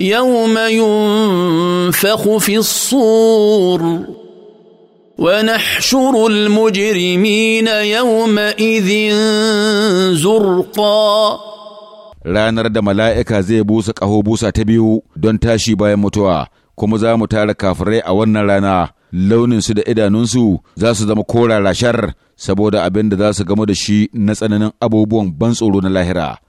يوم ينفخ في الصور ونحشر المجرمين يومئذ زرقا ranar da mala'ika zai busa ƙaho busa ta biyu don tashi bayan mutuwa, kuma za mu tara kafirai a wannan rana, launinsu da idanunsu za su zama korara shar saboda abin da za su gamu da shi na tsananin abubuwan ban tsoro na lahira.